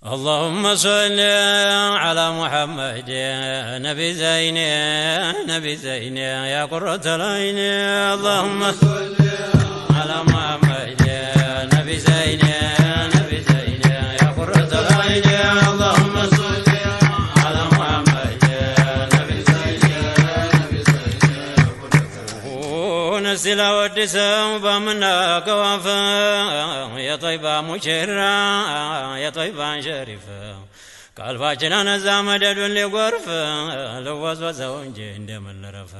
اللهم صل على محمد نبي زين نبي زين يا قرة العين اللهم صل على محمد نبي زين نبي زين يا قرة العين اللهم صل على محمد نبي زين نبي زين نسل ودسم بمناك የጦይባ ሙሽራ የጦይባ ሸሪፍ ቀልባችን አነዛ መደዱን ሊጎርፍ ልወዝወዘው እንጂ እንደምንረፍ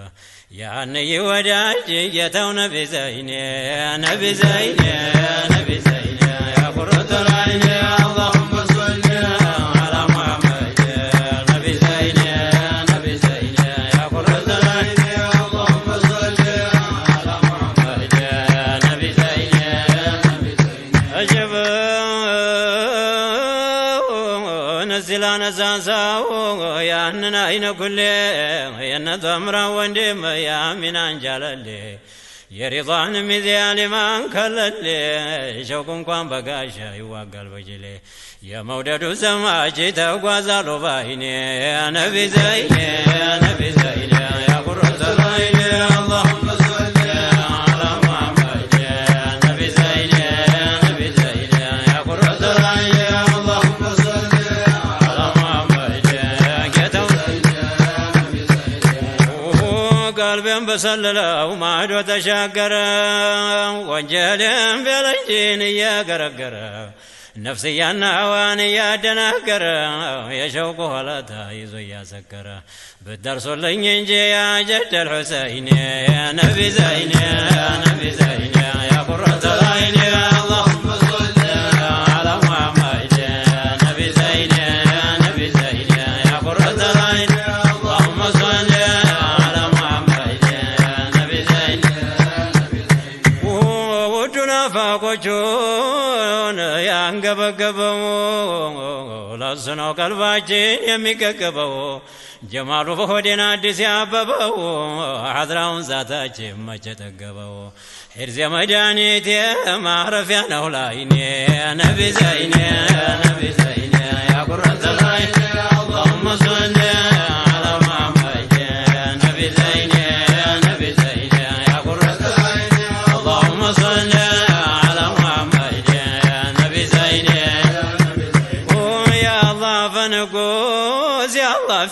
ያን ይወዳጅ ጌታው ነቢ ዘይኔ ነቢ ዘይኔ ነቢ ዘይኔ ያቁርጥ ላይኔ አላሁም ያነሳሳው ያንን አይነ ኩሌ የነቶ አምራ ወንድም ያሚን አንጃለሌ የሪዛን ሚዜ ሊማን ከለሌ ሸውቅ እንኳን በጋሻ ይዋጋል በጅሌ የመውደዱ ዘማች ተጓዛሉ ባይኔ ነቢ ዘይኔ ነቢ ዘይኔ ያቁረተ ዘይኔ አላሁ በሰለለው ማዶ ተሻገረ ወንጀልን ቢያለንጂን እያገረገረ ነፍስያና ዋን እያደናገረ የሸውቁ ኋላታ ይዞ እያሰከረ ብትደርሱልኝ እንጂ ያጀደል ሁሰይን ነቢ ዘይን ነቢ ዘይን ያቁረተ ነው ቀልባችን የሚቀቅበው ጀማሉ በሆዴን አዲስ ያበበው አዝራውን ዛታችን መቼ ጠገበው ሒርዜ መድኃኒቴ ማረፊያ ነው ላይኔ ነቢ ዘይኔ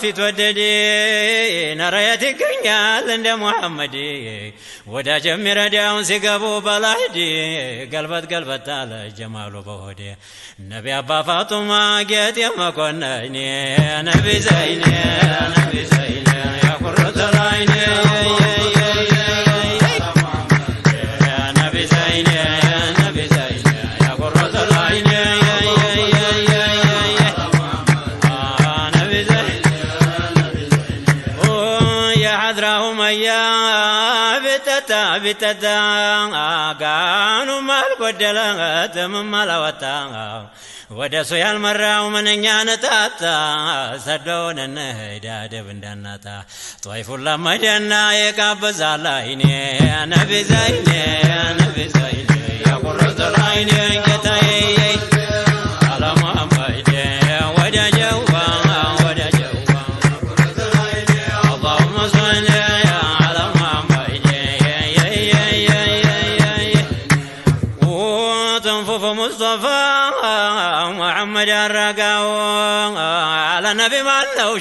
ፊት ወደዴ ነረየት ይገኛል እንደ ሙሐመድ ወዳጅ የሚረዳውን ሲገቡ በላህዲ ገልበት ገልበት አለ ጀማሉ በሆዴ ነቢ አባ ፋጡማ ጌጤ መኮነኔ ነቢ ዘይኔ ነቢ ዘይኔ ቢጠጣ ጋኑም አልጎደለ ጥምም አላወጣ ወደ እሱ ያልመራው ምንኛ ነጣጣ ሰዶን እንሄዳ ደብ እንዳናጣ ጦይፉን ለመደና የጋበዛል አይኔ ነቢ ዘይኔ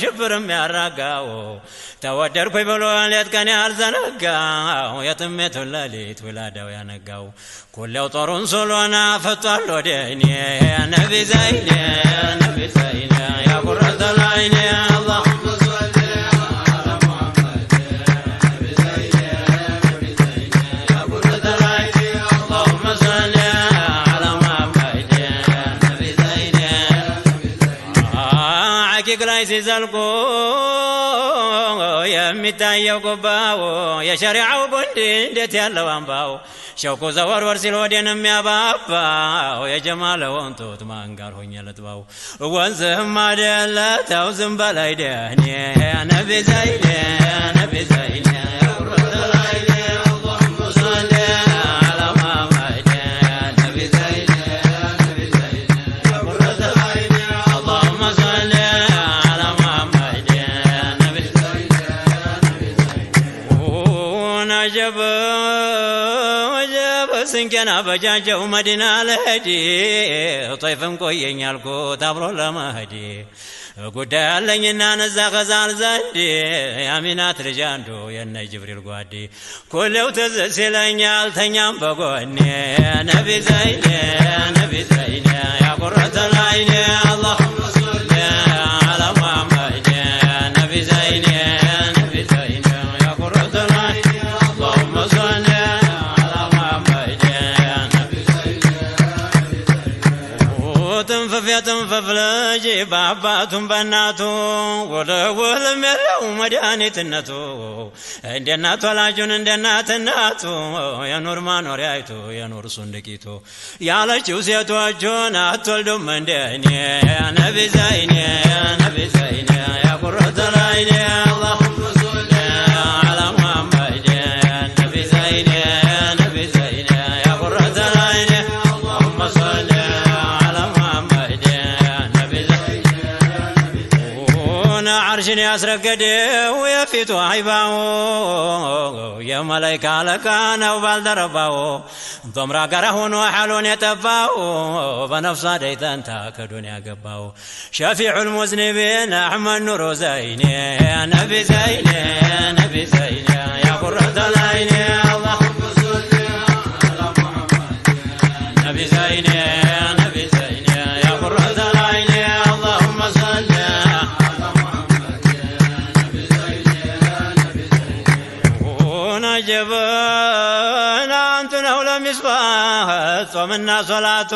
ሽብርም ያራጋው ተወደድኩኝ ብሎ ሌት ቀን ያልዘነጋው የጥሜቱን ሌሊት ውላዳው ያነጋው ኩሌው ጦሩን ስሎና ፈቷል ወደኔ ነቢ ዘይኔ ነቢ ዘይኔ ያቁረዘላይኔ ላይ ሲዘልቁ የሚታየው ጉባው የሸሪዓው ጉንድ እንዴት ያለው አምባው ሸውቁ ዘወርወር ሲል ወዴን የሚያባባው የጀማለውን ጡት ማንጋር ጋር ሆኜ ልጥባው ወንዝህም አደለ ተው ዝም በላይ ደኔ ነቢ ዘይኔ ነቢ ዘይኔ ገና በጃጀው መዲና ለሄድ ጦይፍም ቆየኝ አልኩት አብሮ ለመሄድ ጉዳይ አለኝና ነዛ ከዛል ዘድ የአሚናት ልጅ አንዱ የነ ጅብሪል ጓዴ ኩሌው ትዝ ሲለኛል ተኛም በጎኔ ነቢ ዘይኔ ነቢ ዘይ ልጅ በአባቱም በእናቱ ውልውልም የለው መድኃኒትነቱ እንደ እናት ወላጁን እንደ እናትናቱ የኑር ማኖሪያ አይቱ የኑር ሱንድቂቱ ያለችው ሴቶቹን አትወልዱም እንደኔ ነቢዘይኔ ነቢዘይኔ ያቁረተላይኔ አላ ያስረገደ የፊቱ አይባው የመላይካ አለቃ ነው ባልደረባው በምራ ጋር ሆኖ ሐሉን የጠባው በነፍሱ ደይተንታ ከዱንያ ገባው ሸፊዑ ልሙዝንቢን አሕመድ ኑሮ ዘይኔ ነቢ ዘይኔ ነቢ ዘይኔ ያ ቁረተል አይኔ አላሁ ጀብን አንቱ ነው ለሚስባህ ጾምና ሶላቱ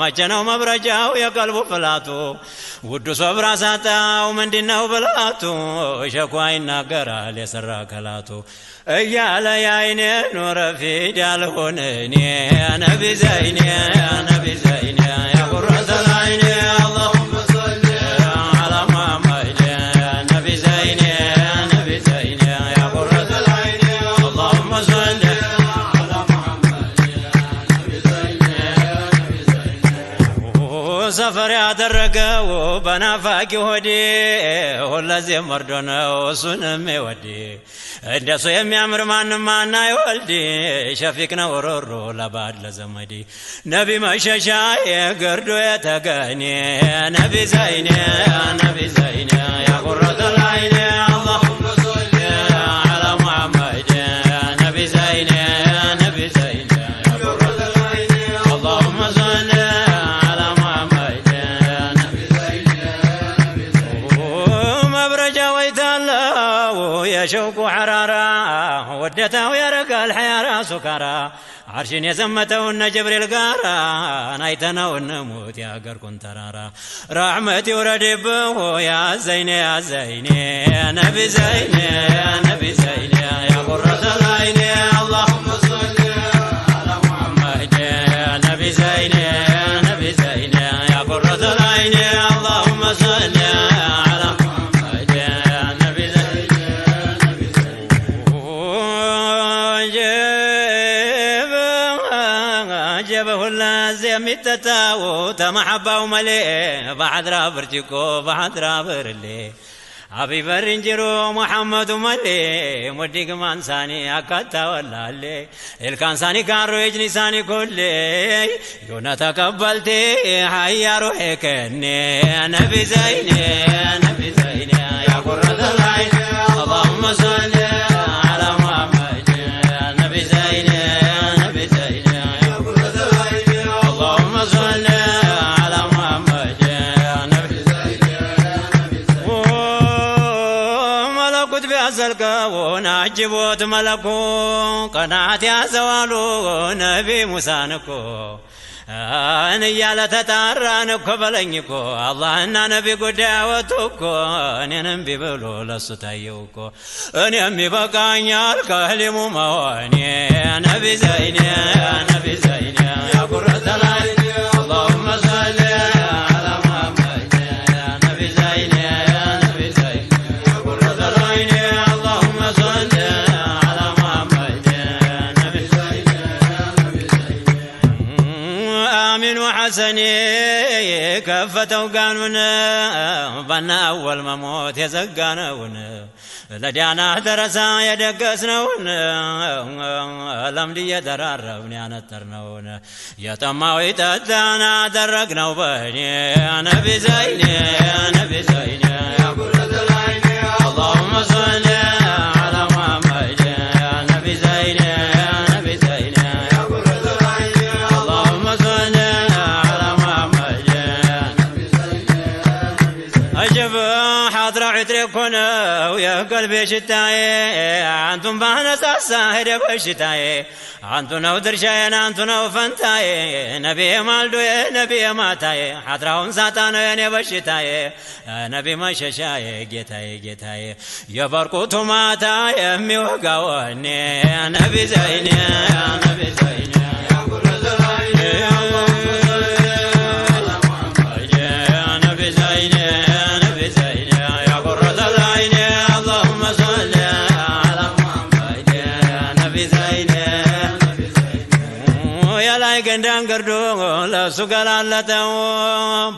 መቼ ነው መብረጃው የቀልቡ ፍላቱ ውዱ ሶብራ ሳጣው ምንድነው ብላቱ ሸኳ ይናገራል የሰራ ከላቱ እያለ ያይኔ ኖረ ፊድ ያልሆን እኔ ነቢ ዘይኔ ነቢ ዘይኔ ያጉረተላይኔ ያደረገው በናፋቂ ሆዴ ሁለዚህም ወርዶ ነው እሱንም ይወድ እንደሱ የሚያምር ማንም ማና ይወልድ ሸፊቅ ነው ሮሮ ለባድ ለዘመድ ነቢ መሸሻ የገርዶ የተገኔ ነቢ ዘይኔ ነቢ ዘይኔ ያቁረቱል አይኔ አላሁ ከራሱ ጋራ አርሽን የዘመተው እነ ጀብሪል ጋራ አይተነው እንሙት ያገርኩን ተራራ ረሕመት ይውረድብህ ያ ዘይኔ ያ ዘይኔ ነቢ ዘይኔ ነቢ ዘይኔ ያ ቁረተል አላሁመ ተተው ተመሐባው መሌ ባዕድራ ብርጭቆ ባዕድራ ብርሌ አቢ በር እንጅሮ ሙሐመዱ መሌ ሙዲግ ማንሳኒ አካታ ወላሌ ኤልካንሳኒ ካሮ ኤጅኒሳኒ ኮሌ ዮነ ተቀበልቴ ሀያሮ ሄከኔ ነቢ ዘይኔ ነቢ አጅቦት መለኮ ቀናት ያዘዋሉ ነቢ ሙሳን እኮ እን እያለ ተጣራን እኮ በለኝ እኮ አላህና ነቢ ጉዳይ አወጡ እኮ እኔንም ቢብሎ ለሱ ታየው እኮ እኔም ይበቃኛል ከህሊሙ መሆኔ ነቢ ዘይኔ ጋኑን ባና አወል መሞት የዘጋነውን ለዲያና ደረሳ የደገስነውን ለምድ እየደራረብን ያነጠርነውን የጠማዊ ይጠጣና አደረግነው በእኔ ነቢ ዘይኔ ነቢ ዘይኔ አላሁመ صل يبا حاضر عتركنا ويا قلبي شتاي عندهم بهنا ساهر وشتاي عندنا ودرشاي عندنا وفنتاي نبي مالدو نبي ماتاي حاضرهم ساتانا يا وشتاي نبي ما ششاي جيتاي جيتاي يا بركوتو ماتاي امي وقاوني نبي زيني نبي زيني እሱ ገላለጠው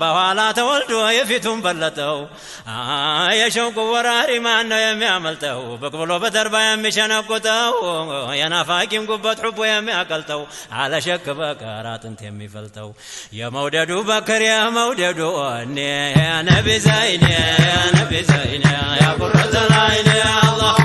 በኋላ ተወልዶ የፊቱን በለጠው። የሸውቁ ወራሪ ማን ነው የሚያመልጠው? ብቅ ብሎ በተርባ የሚሸነቁጠው የናፋቂም ጉበት ሑቦ የሚያቀልጠው አለሸክ በቀር አጥንት የሚፈልጠው የመውደዱ በክር የመውደዱ ወኔ ነቢ ዘይኔ ነቢ ዘይኔ ያቁረተላይኔ አላህ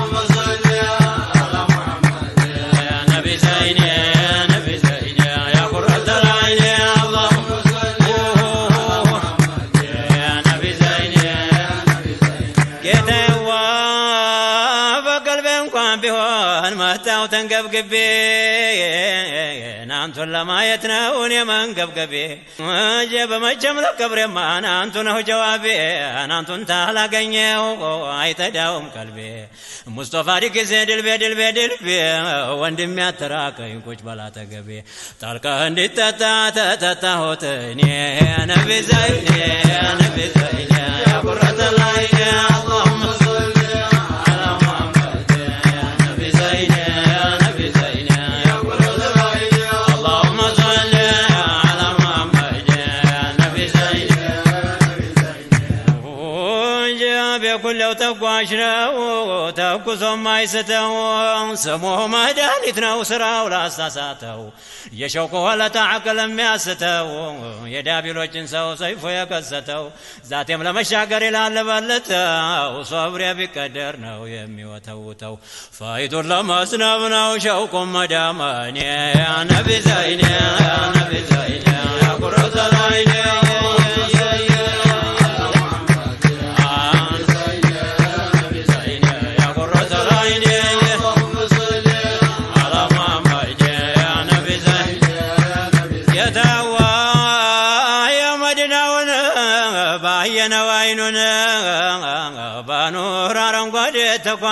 መንገብግቤ እናንቱን ለማየት ነው እኔ መንገብግቤ እጄ በመቼም ለቀብሬማ ነው ጀዋቤ ናንቱን ታላገኘው አይተዳውም ቀልቤ ሙስጦፋ ዲጊዜ ድልቤ ድልቤ ድልቤ ወንድም ያተራቀኝ ቁጭ በላ ተገቤ እንዲጠጣ ተጠጣሁት እኔ ተጓዥ ነው ተኩሶም አይስተው ስሙ መድኃኒት ነው ስራው ላሳሳተው የሸውቆ ወለታ አቅል የሚያስተው የዳቢሎችን ሰው ሰይፎ የቀሰተው ዛቴም ለመሻገር ይላል ሶብሬ ቢቀደር ነው የሚወተውተው ፋይቱን ለመስነብ ነው ሸውቆ መዳመኔ ነቢ ዘይኔ ነቢ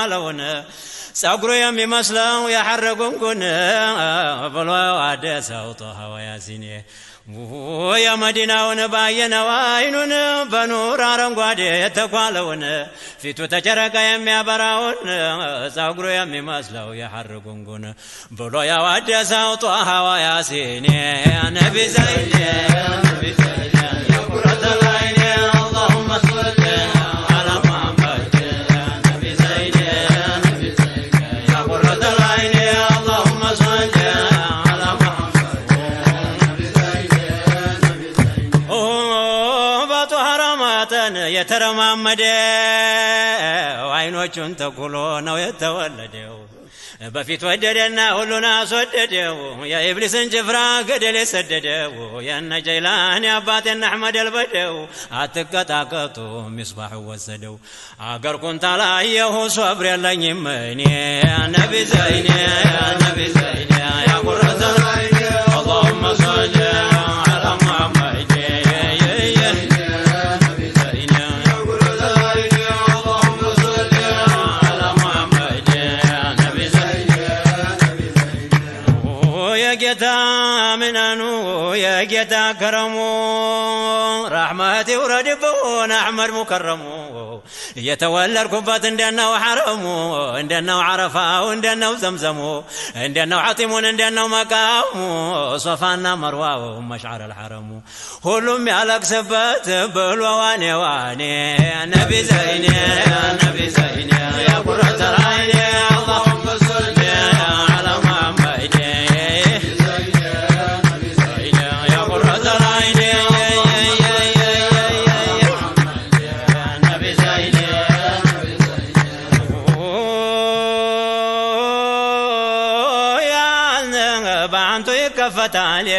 ያለውን ጸጉሩ የሚመስለው የሐረ ጉንጉን ብሎ አደሰው ጦኸው ያሲኔ የመዲናውን ባየነው አይኑን በኑር አረንጓዴ የተኳለውን ፊቱ ተጨረቃ የሚያበራውን ጸጉሩ የሚመስለው የሐር ጉንጉን ብሎ ያዋደሰው ጦሃዋ ያሲኔ ነቢ ዘይኔ ነቢ ዘይኔ መጠን የተረማመደው አይኖቹን ተኩሎ ነው የተወለደው በፊት ወደደና ሁሉን አስወደደው የኢብሊስን ጭፍራ ገደል የሰደደው የነ ጀይላን የአባቴን አሕመድ አልበደው አትቀጣቀጡ ሚስባሕ ወሰደው አገር ኩንታ ሶብር የለኝም እኔ ነቢ ዘይኔ ነቢ ዘይኔ ያቁረ جيتا كرمو رحمتي ورد بون احمد مكرمو يتولى الكبات عندنا وحرمو عندنا وعرفا عندنا وزمزمو عندنا وعطيم عندنا ومقامو صفانا مروى ومشعر الحرمو كلهم يالك سبات بالواني واني نبي زيني يا نبي زيني يا قرة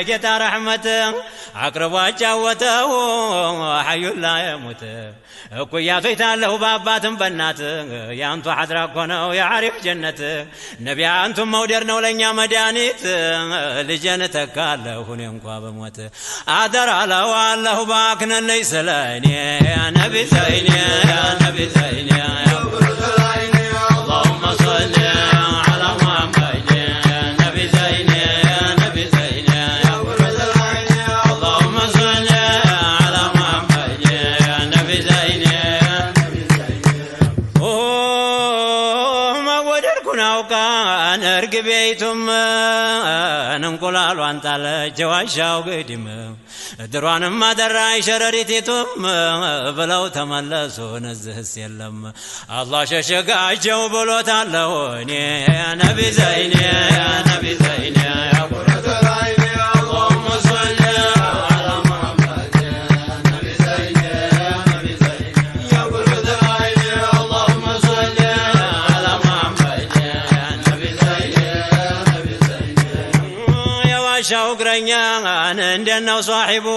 جيت رحمة عقرب وجاوته حي لا يموت كويا فيت له بابات بنات يا انتو حدركون ويعرف جنته نبي انتو مودرنا يا مدانيت لجنته قال له ني انكو بموت ادر على والله باكن ليس لاني يا نبي زيني يا نبي زيني ዋሻው ግድም እድሯንም አደራይ ሸረሪቴቱም ብለው ተመለሱ። ነዝህስ የለም አላ ሸሸጋቸው ብሎታለሁ እኔ ነቢ ዘይኔ ነቢ ዘይኔ ቁረቱ ጋሻው እግረኛ እንደናው ሷሒቡ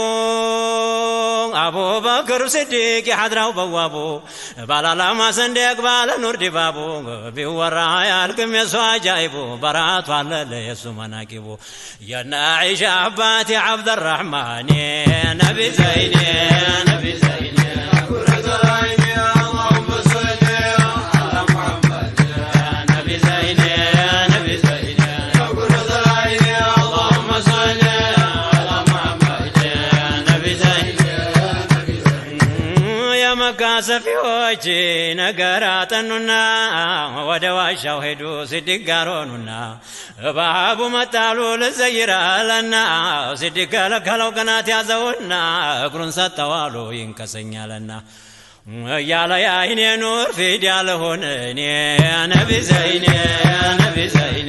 አቡበክር ስዲቅ የሓድራው በዋቡ ባላላማ ሰንደቅ ባለ ኑር ዲባቡ ቢወራ ያልቅም የሱ አጃይቡ በራቱ አለለ የሱ መናቂቡ የናዒሻ አይሻ አባት የዓብደራሕማን ነቢ ዘይኔ ነቢ ዘይኔ ሰፊዎች ነገር አጠኑና ወደ ዋሻው ሄዱ ሲድጋሮኑና እባቡ መጣሉ ልዘይራለና ሲድከለከለው ቅናት ያዘውና እግሩን ሰጠዋሉ ይንከሰኛለና እያለ ያይኔ ኑር ፊድ ያለሆን እኔ ነቢ ዘይኔ ነቢ ዘይ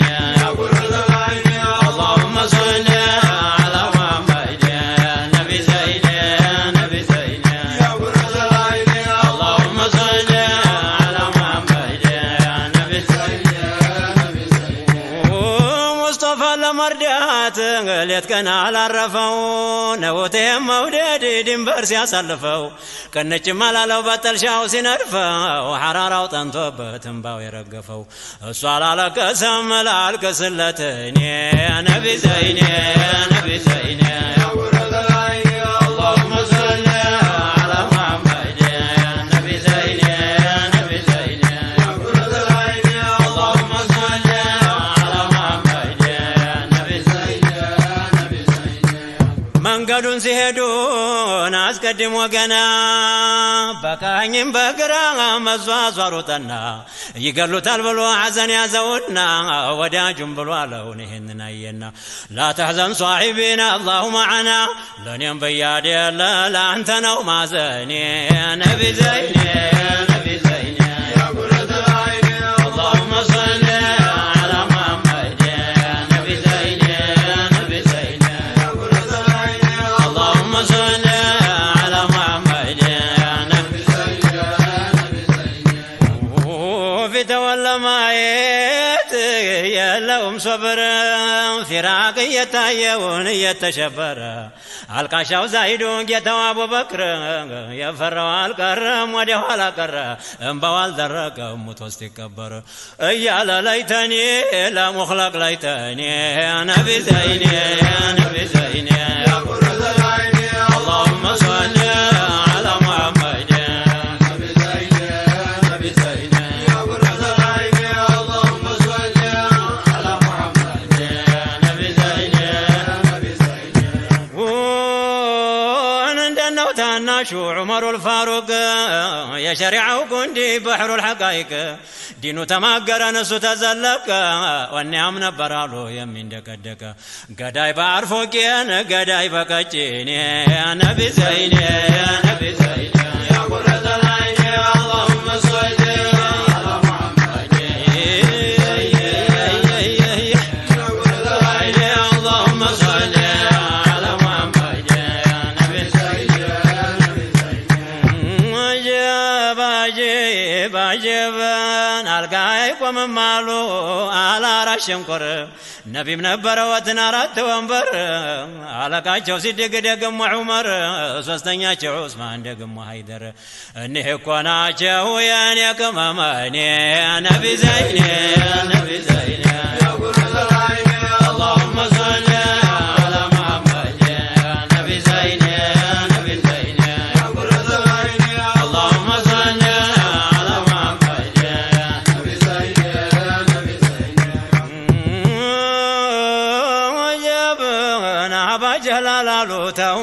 ገና አላረፈው ነውቴም መውደድ ድንበር ሲያሳልፈው ቀነችም አላለው በጠልሻው ሲነድፈው ሐራራው ጠንቶ በትንባው የረገፈው እሱ አላለቀሰም ላልቅስለት እኔ ነቢ ዘይኔ ነቢ ዘይኔ መንገዱን ሲሄዱን አስቀድሞ ገና በቀኝም በግራ መዟዟሩ ጠና ይገሉታል ብሎ ሐዘን ያዘውና ወዳጁም ብሎ አለውን ይህንን አየና ላተሕዘን ሷሒቢና አላሁ ማዓና ለእኔም በያድ የለ ለአንተ ነው ማዘኔ ነቢ ዘይኔ ከበረ ፊራቅ እየታየውን እየተሸበረ አልቃሻው ዛሂዶ ጌታው አቡበክር የፈራው አልቀረም ወደ ኋላ ቀረ እምባው አልደረቀ ሙት ውስጥ ይቀበር እያለ ላይተኔ ለሙኽለቅ ላይተኔ ነቢ ዘይኔ ነቢ ዘይኔ የሸሪዓው ጉንዲ በሕሩል ሐቃይቅ ዲኑ ተማገረ ነሱ ተዘለቀ ወኔያም ነበር አሉ የሚንደቀደቀ ገዳይ በአርፎ ገዳይ በቀጭኔ ነቢ ዘይኔ ነቢ ዘይኔ ሸንኮር ነቢም ነበረ ወትን አራት ወንበር አለቃቸው ሲድግ ደግሞ ዑመር ሶስተኛቸው ዑስማን ደግሞ ሀይደር እኒህ እኮ ናቸው የኔ ቅመመ እኔ ነቢ ዘይኔ ነቢ ዘይኔ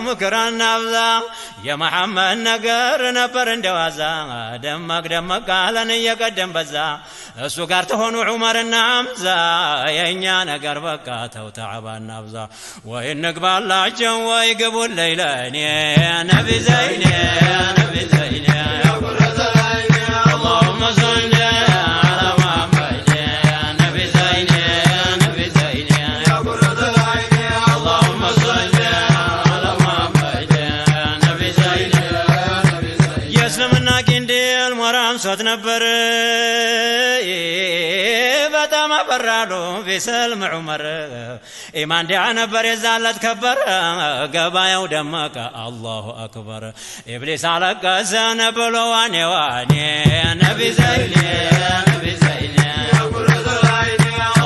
ሙክራና ብዛ የመሐመድ ነገር ነበር እንደዋዛ ደመቅ ደመቅ አለን እየቀደም በዛ እሱ ጋር ተሆኑ ዑመርና አምዛ የእኛ ነገር በቃ ተው ተዓባና ብዛ ወይ እንግባላቸው ወይ ግቡን ለይለኔ ነቢ ዘይኔ ነቢ ነበር በጣም አፈራሉ ፊሰልም ዑመር ኢማንዲያ ነበር የዛለት ከበረ ገባየው ደመቀ አላሁ አክበር ኢብሊስ አለቀሰ ነብሎ ዋኔ ዋኔ ነቢ ዘይኔ ነቢ ዘይኔ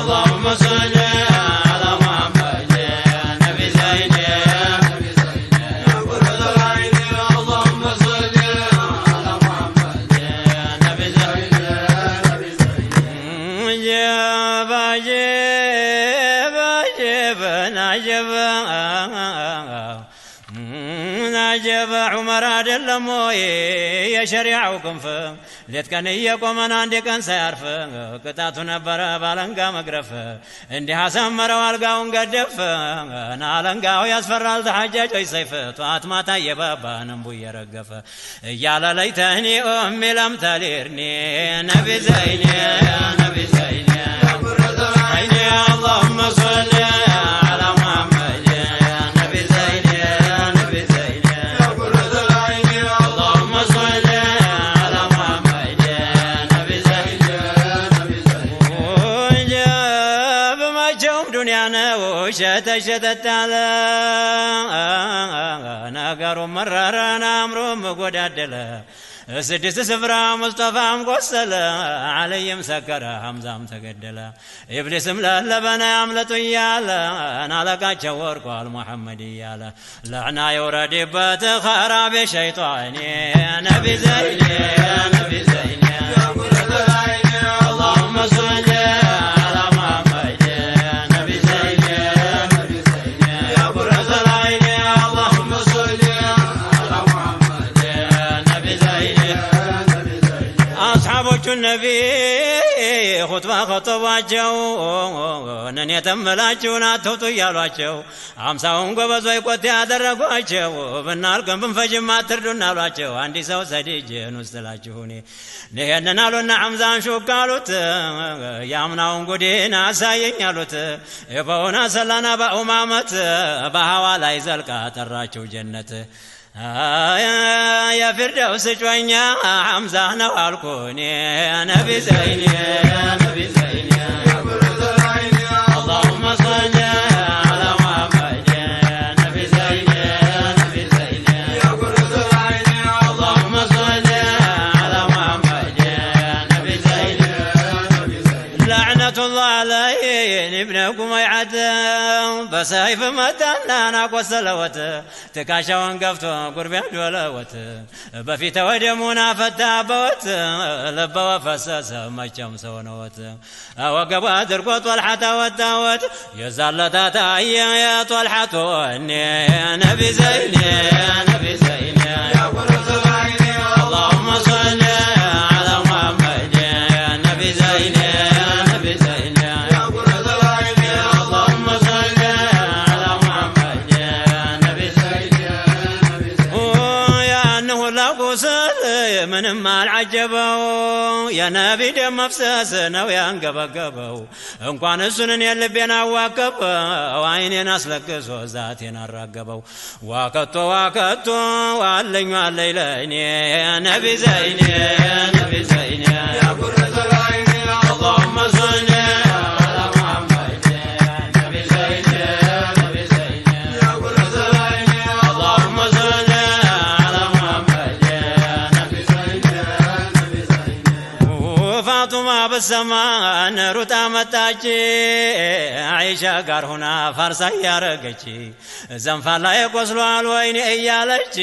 አላሁመ ሰሊ የሸሪዓው ክንፍ ሌት ቀን እየቆመን አንድ ቀን ሳያርፍ ቅጣቱ ነበረ ባለንጋ መግረፍ እንዲህ አሰመረው አልጋውን ገደፍ ናለንጋው ያስፈራል ተሐጃጆች ሰይፍ ጠዋት ማታ እየባባን እንቡ እየረገፈ እያለ ለይተህኒ ኦሚ ለም ተሊርኒ ነቢ ዘይኔ ነቢ ዘይኔ አይኔ አላሁመ ሶሊ ውሸት ሸተታለ ነገሩ መረረን አእምሮም ጎዳደለ ስድስት ስፍራ ሙስጠፋም ቆሰለ አለይም ሰከረ ሐምዛም ተገደለ ኢብሊስም ለለበነ ያምለጡ እያለ ናለቃቸው ወርቋል ሙሐመድ እያለ ለዕና የውረድበት ኸራቤ ሸይጣኔ ነቢ ዘይኔ ነቢ ዘይኔ ነቢይ ሁትባ ከጠቧቸው እኔ የተመላችሁን አትውጡ እያሏቸው አምሳውን ጎበዞ ይቆት ያደረጓቸው ብናልቅም ብንፈጅም አትርዱን አሏቸው። አንዲ ሰው ሰዲጅን ውስጥ ላችሁ እኔ ይሄንን አሉና አምዛን ሹክ አሉት። የአምናውን ጉዴን አሳየኝ አሉት። በውና ሰላና በኡማመት በሐዋ ላይ ዘልቃ ጠራቸው ጀነት የፊርደውስ ጮኛ ሐምዛ ነው አልኩኔ ነቢ ዘይኔ ነቢ ዘይኔ سايف متن انا قسلوت ونقفت قفتو قربي دولوت بفي تواد منافتا بوت لبوا فساس ما كم سونوت او قبا درقوت والحتا وتوت يا زلطه يا طلحتو اني انا بزيني انا بزيني የነቢ ደም መፍሰስ ነው ያንገበገበው። እንኳን እሱን እኔ ልቤን አዋከበው፣ አይኔን አስለቅሶ ዛቴን አራገበው። ዋከቶ ዋከቶ ዋለኝ ዋለኝ ለእኔ ነቢ ዘይኔ ነቢ ዘይኔ ያኩረተላይኔ አላሁመ ሱኔ በሰማን ሩጣ መጣች አይሻ ጋር ሁና ፋርሳ እያረገች ዘንፋ ላይ ቆስሏል ወይኔ እያለች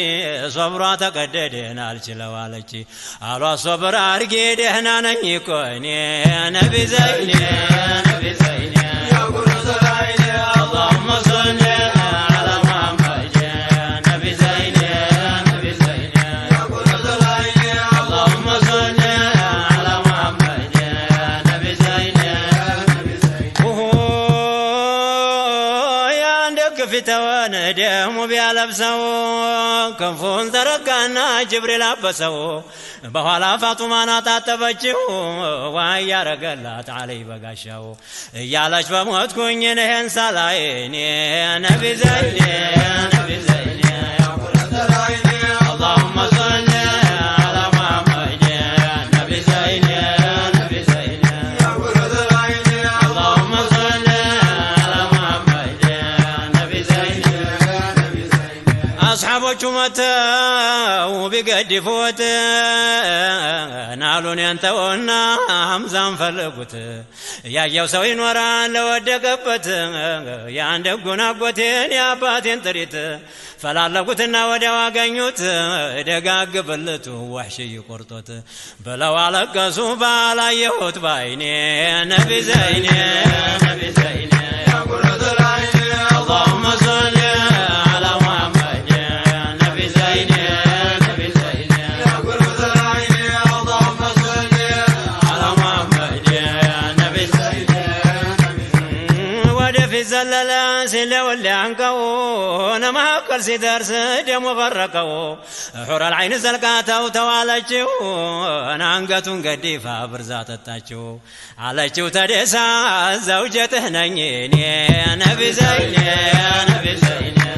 ሶብሯ ተቀደደን አልችለዋለች አሏ ሶብር አርጌ ደህና ነኝ ቆይኔ ነቢ ዘይኔ ነቢ ዘይኔ ያጉነ ዘላይኔ አላሁመ ሰኔ ሙቢያ ለብሰው ክንፉን ዘረጋና ጅብሪል አበሰው። በኋላ ፋጡማን አጣጠበችው ዋ እያረገላት አለይ በጋሻው እያለች በሞትኩኝ ንሄን ሳላይ ነቢ ዘይኔ ነቢ ዘይኔ ቢገድፎት ናሉን ያንተውና ሐምዛን ፈለጉት ያየው ሰው ይኖራል ለወደቀበት የአንድ ህጉን አጎቴን የአባቴን ጥሪት ፈላለጉትና ወዲያው አገኙት ደጋግ ዋሽ ይቆርጦት ብለው አለቀሱ ባላየሁት ባይኔ ነቢ ዘይኔ ነቢ ዘይኔ ዘለለ ሲሌወሌ አንቀው ነመካከል ሲደርስ ደሞ በረቀው ሑረል ዓይን ዘልቃተው ተዋለችው አንገቱን ገዲፋ ብርዛ ጠጣችው አለችው ተደሳ ዘውጀትህ ነኝ እኔ ነቢ ዘይኔ ነቢ ዘይኔ